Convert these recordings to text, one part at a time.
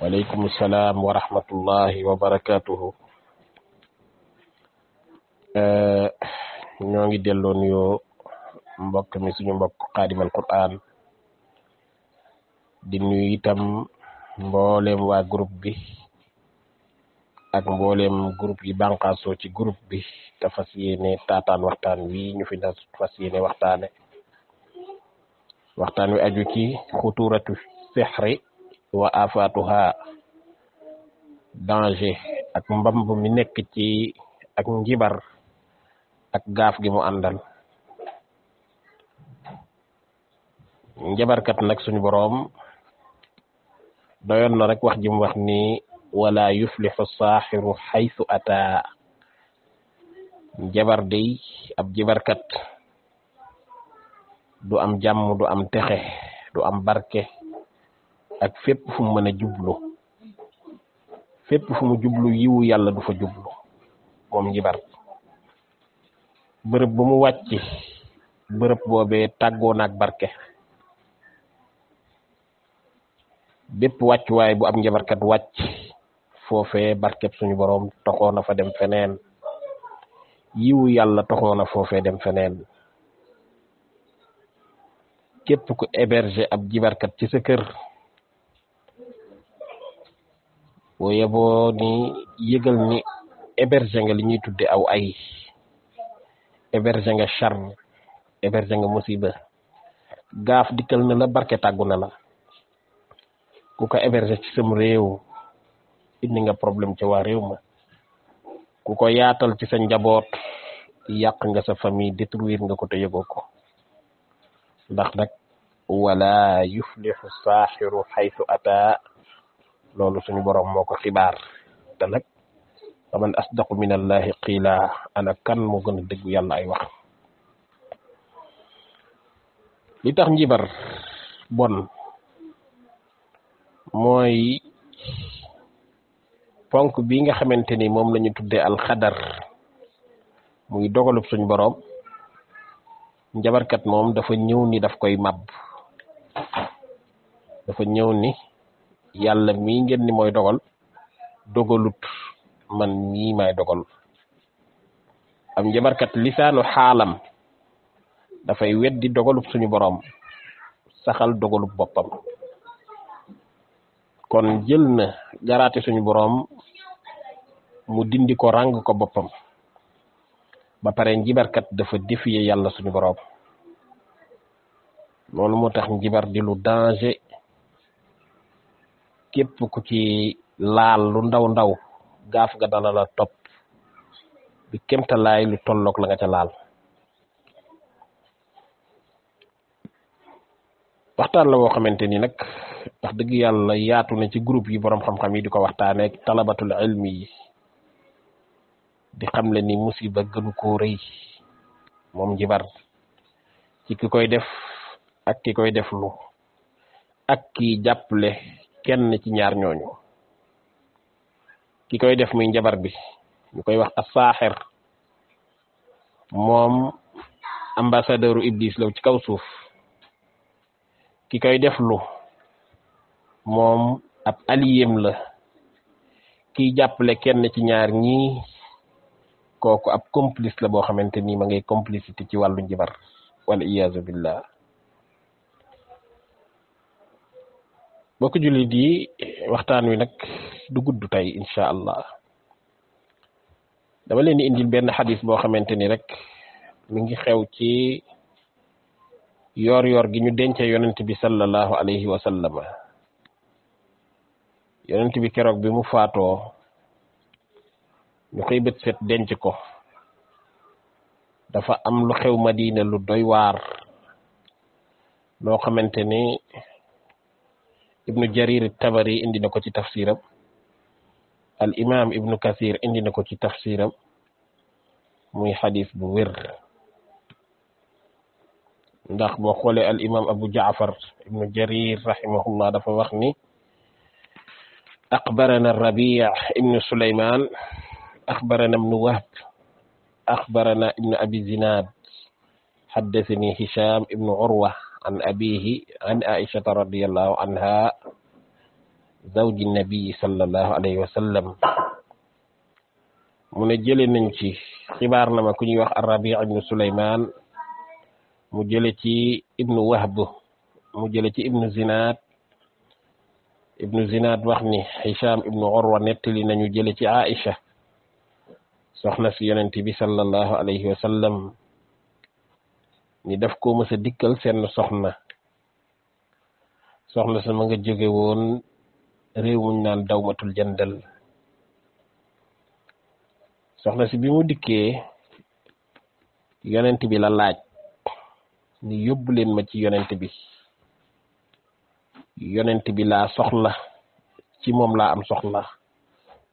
waaleykum salaam wa rahmatullahi wa eh, ñoo ngi delloo nuyoo mbokk mi suñu mbokk xaadimal Qur'an di nuyu itam mbooleem waa bi ak mbooleem groupe yi bànqaasoo ci group bi te fas yéene taataan waxtaan wi ñu fi na fas yéene waxtaane waxtaan wi aju ci xuturatu sexri wa afatuha danger ak bu mi nek ci ak njibar ak gaaf gi mu njabar kat nak suñu borom doyon na rek wax ji mu wax ni wala yuflihu sahiru haythu ata njabar de ab kat du am jam du am texe du am barke ak fépp fu mu mën a jublu fépp fu jublu yiwu yàlla du fa jublu moom njibar bërëb bu mu wàcc bërëb boobee tàggoo naag barke bépp wàccuwaay bu ab njabarkat wàcc foofee barkeb suñu boroom toxoo na fa dem feneen yiwu yàlla toxoo na foofee dem feneen képp ku héberger ab jibarkat ci sa kër boo yeboo ni yegal ni héberger nga li ñuy tuddé aw ay héberger nga char héberger nga musiba gaaf dikel na la barké tàggu na la ku ko héberger ci sam réew indi nga problème ci wa réew ma ku ko yaatal ci sa njaboot yàq nga sa famille détruire nga ko te yego ko ndax nak wala yuflihu sahiru haythu ataa loolu suñu boroom moo ko xibaar te nag faman asdaqu min allahi qiila ana kan moo gën a dëggu yàlla ay wax li tax njibar bon mooy ponk bi nga xamante ni moom la ñu tuddee alxadar muy dogalub suñ boroom njabarkat moom dafa ñëw ni daf koy màbb dafa ñëw ni yàlla mii ngeen ni mooy dogal dogalut man mii may dogal am njabarkat lisaanu xaalam dafay weddi dogalub suñu borom saxal dogalub boppam kon jël na garaate suñu borom mu dindi ko rang ko boppam ba pare njibarkat dafa defiye yàlla suñu borom loolu moo tax njibar di lu danger képp ku ci laal lu ndaw ndaw gaaf ga dana la topp bi kemtalaay lu tolloog la nga ca laal waxtaan la woo xamante ni nag wax dëgg yàlla yaatu na ci groupe yi borom xam-xam yi di ko talabatul ilmi yi di xamle ni musiba gënu koo rëy moom njibar ci ki koy def ak ki koy def ak ki jàppale kenn ci ñaar ñooñu ki koy def muy njabar bi ñu koy wax asaaxir moom ambassadeuru iblis law ci kaw suuf ki koy def lu moom ab aliyem la kiy jàppale kenn ci ñaar ñi kooku ab complice la boo xamante ni ma ngay complicité ci wàllu njibar wal billah mbokk jullit yi waxtaan wi nag du gudd tay incha allah dama leen di indil benn xadis boo xamante ni rek mi ngi xew ci yoor-yoor gi ñu dence yonent bi sallallahu alayhi wa sallam yonent bi keroog bi mu faatoo ñu koy set denc ko dafa am lu xew Madina lu doy waar loo xamante ni ابن جرير التبري عندي نكو تي تفسيرم الامام ابن كثير عندي نكو تي تفسيرم موي حديث بو وير نдах بو خولي الامام ابو جعفر ابن جرير رحمه الله دا فا وخني اخبرنا الربيع ابن سليمان اخبرنا ابن وهب اخبرنا ابن ابي زناد حدثني هشام ابن عروه عن أبيه عن عائشة رضي الله عنها زوج النبي صلى الله عليه وسلم من جل ننشي خبار لما كني وخ الربيع بن سليمان مجلتي ابن وهب مجلتي ابن زناد ابن زناد وخني هشام ابن عروة نبتلي نجلتي عائشة سخنا سيننتي بي صلى الله عليه وسلم ni def koo mës a dikkal seen soxna soxna sama nga jóge woon réew muñ naan dawmatul jëndal soxna si bi mu dikkee yonent bi la laaj ni yóbbu leen ma ci yonent bi yonent bi laa soxla ci moom laa am soxla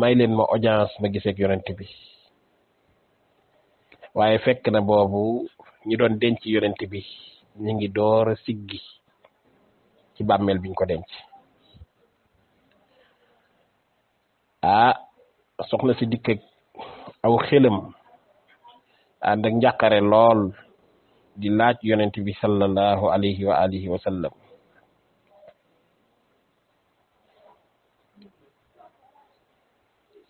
may leen ma audience ma giseek yonent bi waaye fekk na boobu ñi doon denc yonent bi ñu ngi door a siggi ci bàmmeel biñ ko denc ah soxna si dikk aw xelam ànd ak njàqare lool di laaj yonent bi sallallahu alayhi wa alihi wa sallam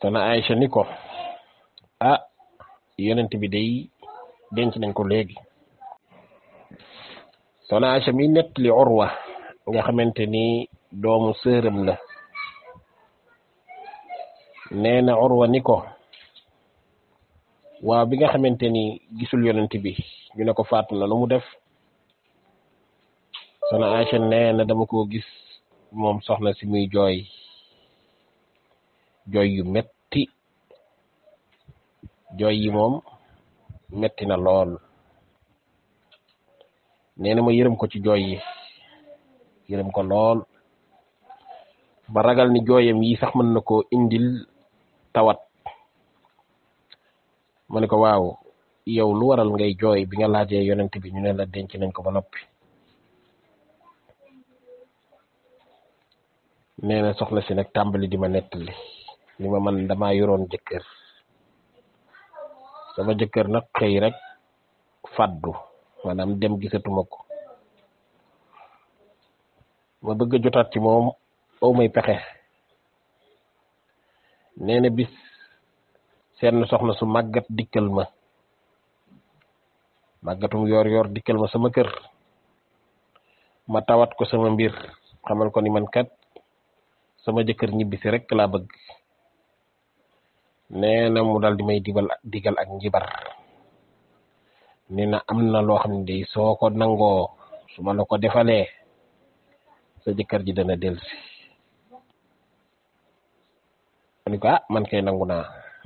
tana Aïcha ni ko ah yonent bi day denc nañ ko léegi soxna Aïcha mi nettali Urwa nga xamante ni doomu sërëm la nee na Urwa waaw bi nga xamante ni gisul yonent bi ñu ne ko faatu na lu mu def soxna Aïcha nee na dama koo gis moom soxna si muy jooy jooy yu metti jooy yi moom metti na lool neena ma yeureum ko ci joy yi yeureum ko lol ba ragal ni joyam yi sax man nako indil tawat ma ne ko waaw yow lu waral ngay joy bi nga laaje yonent bi ñu ne la denc nañ ko ba noppi neena soxna si ma man dama yoron sama jëkkër nak xey rek faddu manam dem gisatuma ko ma bëgg jotat ci mom aw may pexé néna bis sen soxna su magat dikkel ma magatum yor-yor dikkel ma sama kër ma tawat ko sama mbir xamal ko ni man kat sama jëkkër ñibbisi rek la bëgg néna mu dal di may digal ak njibar. Nina amna lo xamni day soko nango suma lako defale sa jëkkër ji dana delsi ma ni ko man kay nanguna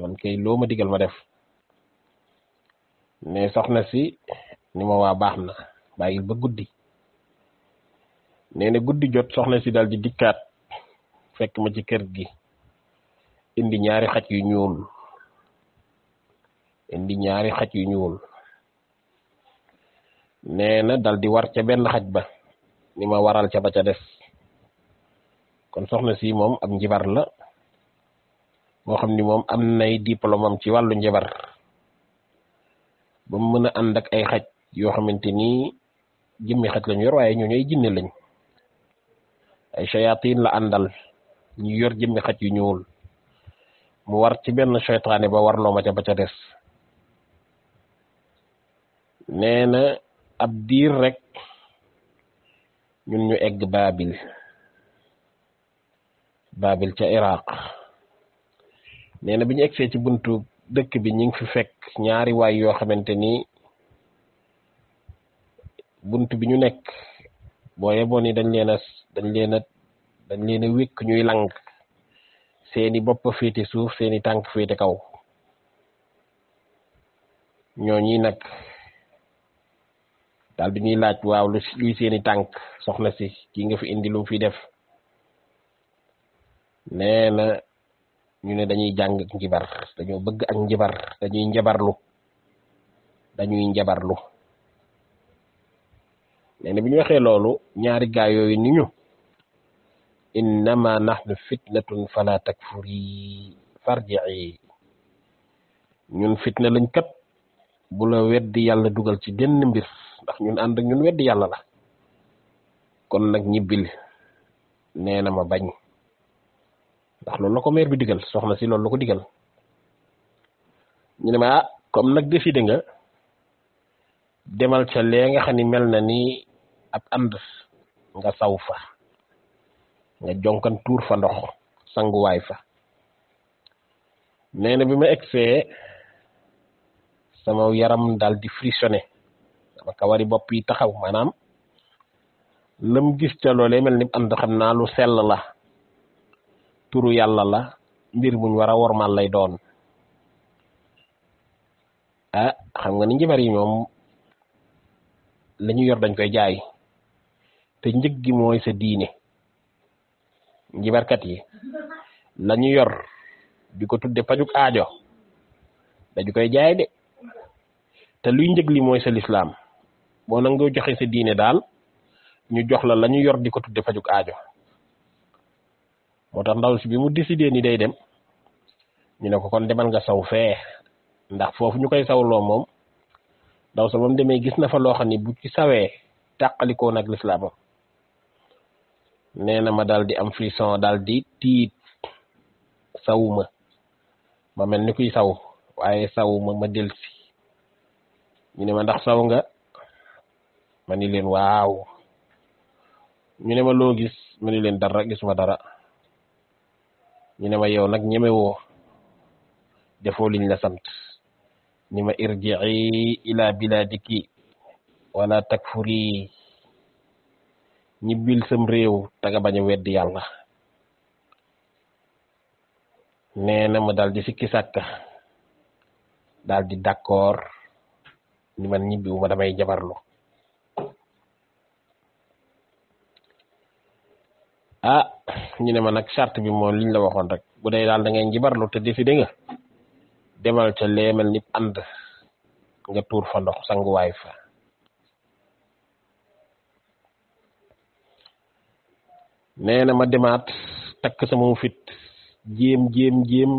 man kay loma digal ma def ne soxna si ni ma waa baax na ba guddii nee guddii jot soxna si dal di dikkat fekk ma ci kër gi indi ñaari xat yu ñuul indi ñaari xat yu ñuul nee na dal di war ca benn xaj ba ni ma waral ca ba ca des kon soxna si moom ab njibar la moo xam ni moom am nay diplôme am ci wàllu njibar ba mu mën a ànd ay xaj yoo xamante ni jëmmi xaj lañu yor waaye ñooñu ay jinne lañ ay shayatin la àndal ñu yor jëmmi xaj yu ñuul mu war ci benn seytaane ba warloo ma ca ba ca des nee ab diir rek ñun ñu egg Baabil Baabil ca Iraq nee na bi ñu egsee ci bunt dëkk bi ñu ngi fi fekk ñaari waay yoo xamante ni bunt bi ñu nekk boo yeboon dañ leen dañ leen dañ leen wikk ñuy lang seeni bopp féete suuf seeni tànk féete kaw ñooñi nag dal di ñuy laaj waaw lu luy seeni tànk soxna si ki nga fi indi lu fi def nee na ñu ne dañuy jàng ak njibar dañoo bëgg ak njibar dañuy njabarlu dañuy njabarlu nee na bi ñu waxee loolu ñaari gaa yooyu ni ñu innama nahnu fitnatun fala takfuri farji'i ñun fitna lañ kat bu la weddi yàlla dugal ci denn mbir ndax ñun and ñun wedd yalla la kon nak ñibil neena na ma bañ ndax loolu ko mer bi digal soxna si loolu ko digal ñu ne ma ah, comme nak defi de nga demal ca le nga xani ni mel na ni ab and nga saw fa nga jonkan tour fa ndox way fa neena bima exé sama yaram dal di frissoner Makawari bopi manam, yi taxaw manam lam gis ca lolé melni ni ànd lu sel la turu yalla la mbir buñ wara wormal lay doon ah xam nga ni ñi bari ñom lañu yor dañ koy jaay te ñeeg gi moy sa diine barkat yi lañu yor diko tuddé pajuk aajo dañ koy jaay de te luy ñeeg li moy sa l'islam boo nangoo joxe sa diine dal ñu jox la lañu yor diko tudde fajuk aajo motax ndaw ci bi mu décider ni day dem ñu ne ko kon demal nga saw fe ndax fofu ñukay saw lo mom ndaw sa bam demee gis na fa lo bu ci sawé takaliko nak l'islam ma di am frisson daal di tiit sawuma ma melni kuy saw waye sawuma ma delsi ñu ne ma ndax saw nga mani len waw ñu ne ma lo gis mani len dara gisuma dara ñu ne ma yow nag wo defo liñ la sant ni ma irjii ila biladiki wala takfuri bil sam rew ta bañ baña wedd yalla neena na daldi daal di sikki sàkka daal d'accord ni man ñibbiwuma damay jabarlo ah ñu ne ma nag charte bi moom liñ la waxoon rek bu dee daal da ngay njibarlu te décidé nga demal ca leemal nit ànd nga tuur fa ndox sanguwaay fa nee na ma demaat takk sama fit jéem jéem jéem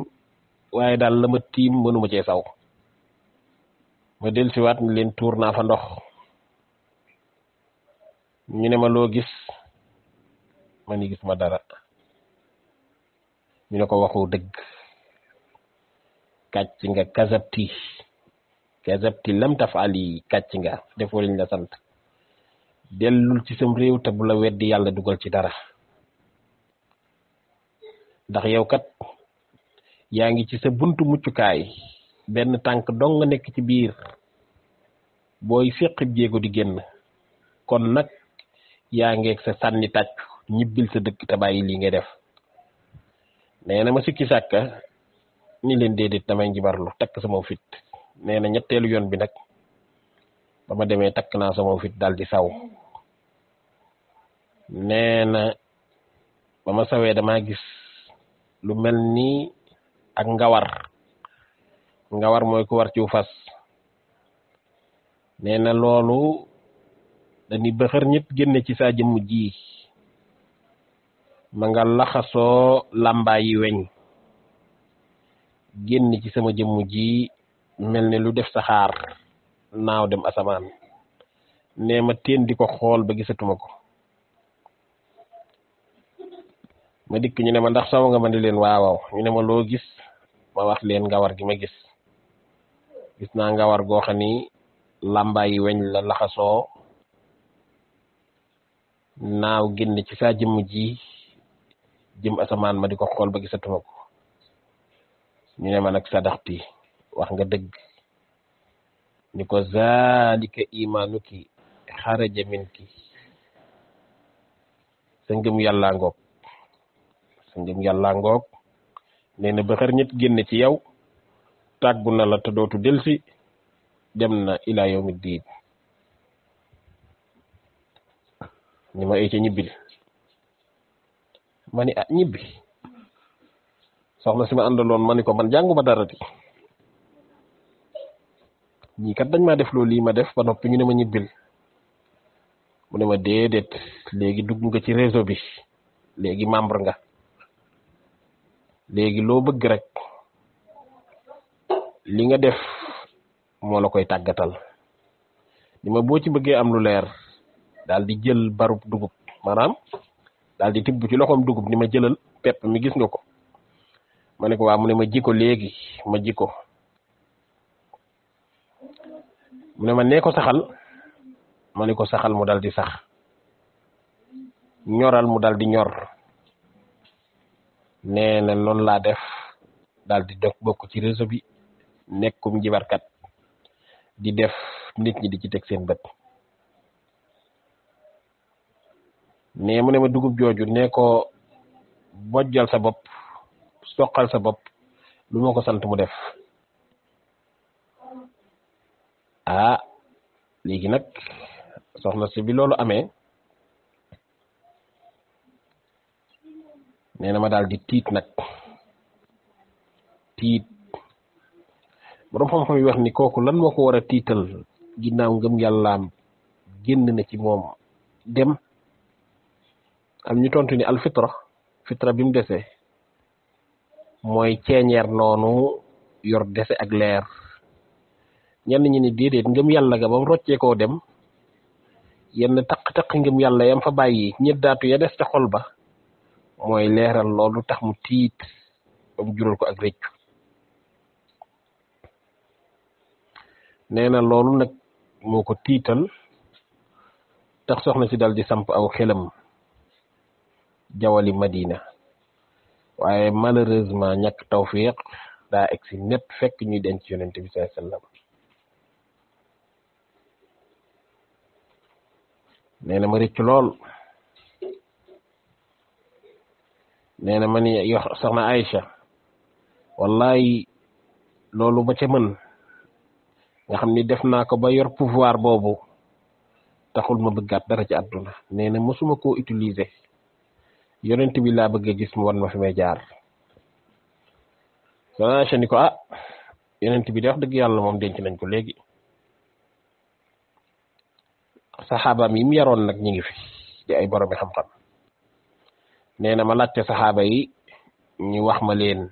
waaye daal la ma tiim ma cee saw ma dellusiwaat ni leen tuur naa fa ndox ñu ne ma loo man ni gisuma dara ñu ne ko waxu dëgg kàcc nga kazabti kazabti lam tafali kàcc nga defoo liñ la sant dellul ci sam réew te bu la weddi yàlla dugal ci dara ndax yow kat yaa ngi ci sa buntu muccukaay benn tànk dong nga nekk ci biir booy jéego di génn kon nag yaa ngeeg sa sànni ñibbil sa dëkk te bàyyi lii ngay def nee na ma sikki sàkka ni leen déedéet damay njibarlu takk sama fit nee na ñetteelu yoon bi nag ba ma demee takk naa sama fit dal di saw nee na ba ma sawee damaa gis lu mel ni ak ngawar ngawar mooy ku war ci fas nee na loolu dañuy bëxër ñëpp génne ci saa jëmm jii ma nga laxasoo yi weñ génn ci sama jëmm ji mel ne lu def saxaar naaw dem asamaan nee ma teen di ko xool ba gisatuma ko ma dikk ñu ne ma ndax soow ma ne leen waawaaw ñu ne ma loo gis ma wax leen ngawar gi ma gis gis naa ngawar goo xam ni làmbaayi weñ la laxasoo naaw génn ci saa jëmm ji jëm asamaan ma di ko xool ba gisatuma ko ñu ne ma nag sadaxti wax nga dëgg ñu ko zaalika imaanuki xaraja ki sa ngëm yàllaa ngoog sa ngëm yàllaa ngoog nee ba xar ñett génn ci yow tàggu na la te dootu delsi dem na ila yawmi diin ma ay ñibbil mani a ñibbi soxna si andalon maniko man janguma ma dara di ñi kat dañ ma def lo li ma def ba nopi ñu ne ma ñibbil mu ne ma dedet legi dugg nga ci réseau bi legi membre nga legi lo bëgg rek li nga def mo la koy tagatal dima bo ci bëgge am lu leer dal di jël barup dugub manam dal di tibbu ci loxom dugub ni ma jëlal pep mi gis nga ko mané ko wa mu ne ma jiko legi, ma jiko mu ne ma nee ko saxal mané ko saxal mu dal di sax ñoral mu dal di ñor nee na la def dal di def bokku ci réseau bi nekkum jibarkat di def nit ñi di ci tek seen bëtt ne mu ne ma dugub jooju ne ko bojjal sa bopp soqal sa bopp lu ma ko sant mu def ah léegi nag soxna si bi loolu amee nee na ma daal di tiit nag tiit borom xam-xam yi ni kooku lan moo ko war a tiital ginnaaw ngëm yàllaam génn na ci moom dem am ñu tontu ni alfitra fitra bi mu déssé moy ceeñeer nonu yor déssé ak lèr ñenn ñi ni dédé ngëm yalla ga ba roccé ko dem yenn tak tak ngëm yalla yam fa ñi daatu ya déss ta xol ba moy léral loolu tax mu tiit bam jurul ko ak réccu nee loolu nag moo tax soxna si dal di samp aw xelam jawali madina waaye malheureusement ñàkk tawfiq daa egsi net fekk ñuy denc yonent bi saai sallam na ma rëcc lool nee na ma ni yox soxna Aïcha wallaay loolu ma ca mën nga xam ni def naa ko ba yor pouvoir boobu taxul ma bëggaat dara ci àdduna nee na mosuma koo utiliser yonent bi la bëgg gis mu won ma fi may jaar Zulaysha ni ko ah yonent bi def dëgg yàlla denc nañ ko léegi sahaba mi mi yaron nak ñi ngi fi di ay borom xam-xam neena na ma laccé sahaba yi ñu wax ma leen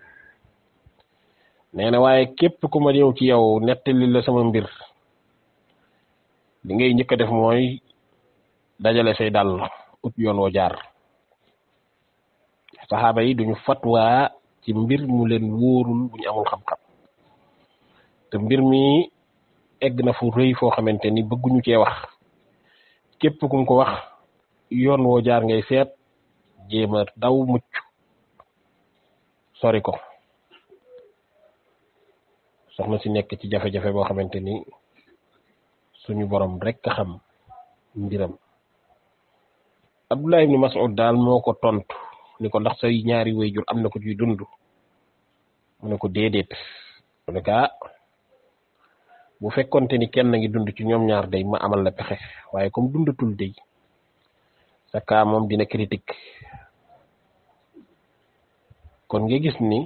neena na képp kuma rew ci yow netti la sama mbir li ngay ñëk def moy dajale say dal ut yoon wo jaar sahaba yi duñu fatwa ci mbir mu leen wóorul bu amul xam-xam te mbir mi egg na fu rëy foo xamante ni bëgguñu cee wax képp kum ko wax yoon woo jaar ngay seet jéem daw mucc sori ko soxna si nekk ci jafe-jafe boo xamante ni suñu borom rek xam mbiram abdullah ibni mas'ud daal moo tontu ni ko ndax say ñaari wayjur amna ko ci dundu mu ko dedet mu ka ah, bu fekkonte ni kenn ngi dund ci ñom ñaar day ma amal la wae waye comme dundatul day sa ka mom dina critique kon nga gis ni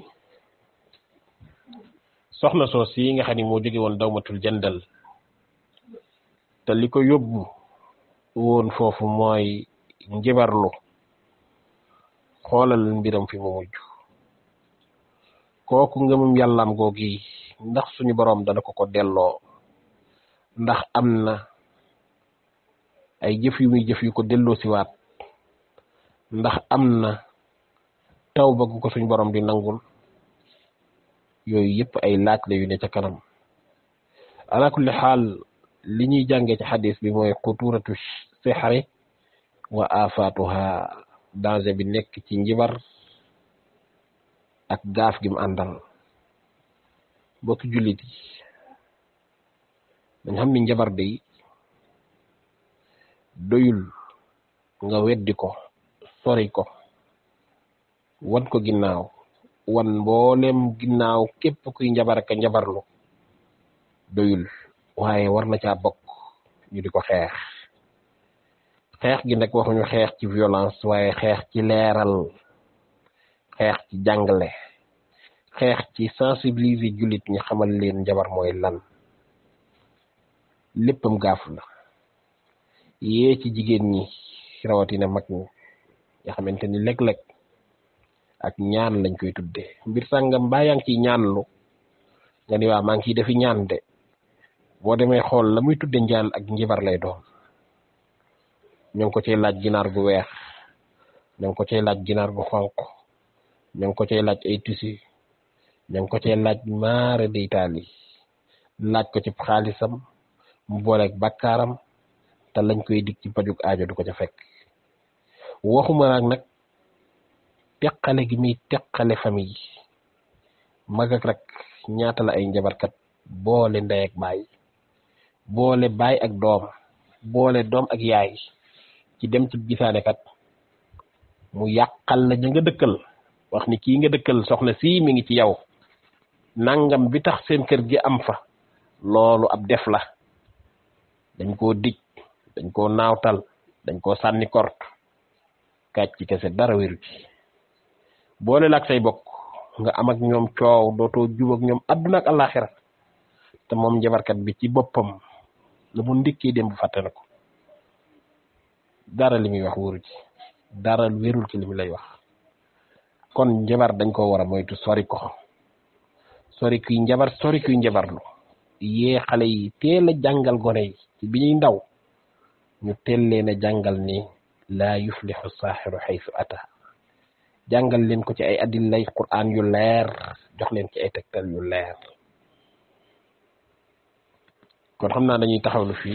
soxna so si nga xani mo moo won dawmatul jandal te liko ko won fofu moy njibarlu xoolal mbiram fi mu mujj kooku ngëmum yàllaam googi ndax suñu boroom dana ko ko delloo ndax am na ay jëf yu muy jëf yu ko delloo siwaat ndax am na taw ba gu ko suñ boroom di nangul yooyu yëpp ay laaj la yu ne ca kanam ala xaal li ñuy jàngee ci xadis bi mooy xuturatu sixari wa afaatuha danger bi nekk ci njibar ak gaaf gi mu àndal mbokki jullit yi xam ni njabar day doyul nga weddi ko sori ko wan ko ginnaaw wan mboolem ginnaaw képp kuy njabar ak njabarlu doyul waaye war na caa bokk ko xeex xeex gi waxu ñu xeex ci violence waye xeex ci leral xeex ci jangale xeex ci sensibiliser julit ñi xamal leen jabar moy lan leppam gafu la ye ci jigen ñi na mag ñi nga xamanteni ni lek ak ñaan lañ koy tuddé mbir sangam mbaa yaa ngi ciy ñaanlu nga ni waa maa ngi defi ñaan de bo démé xol lamuy tuddé tudde ak njibar lay doon ñoo ngi ko cey laaj ginaar gu weex ñoo ngi ko cey laaj ginaar gu xonq ñoo ko ce laaj ay tusi ñoo ngi ko cey laaj maare deytaal yi laaj ko ci xaalisam mu booleeg bakkaaram te lañ koy dig ci pajuk aajo du ko ca fekk waxuma naag nag teqale gi muy teqale famille mag ak rek ñaata la ay njabarkat boole ndey ak baay boole baay ak doom boole doom ak yaay ki dem ci gisaane kat mu yàqal la ña nga dëkkal wax ni kii nga dëkkal soxna si mi ngi ci yow nangam bi tax seen kër gi am fa loolu ab def la dañ koo dij dañ koo naawtal dañ koo sànni kort kàcc ci kese dara wéru ci boole laak say bokk nga am ak ñoom coow dootoo jub ak ñoom àdduna ak àllaaxira te moom njabarkat bi ci boppam la mu ndikki dem bu fàtte dara li muy wax wóoru ci dara wérul ci li lay wax kon njabar dañ ko war a moytu sori ko sori kuy njabar sori kuy njabarlu yee xale yi teel a jàngal gone yi bi ñuy ndaw ñu teel leen a jàngal ni laa yuflixu saaxiru xaysu ata jàngal leen ko ci ay adillay quraan yu leer jox leen ci ay tektal yu leer kon xam naa dañuy taxawlu fii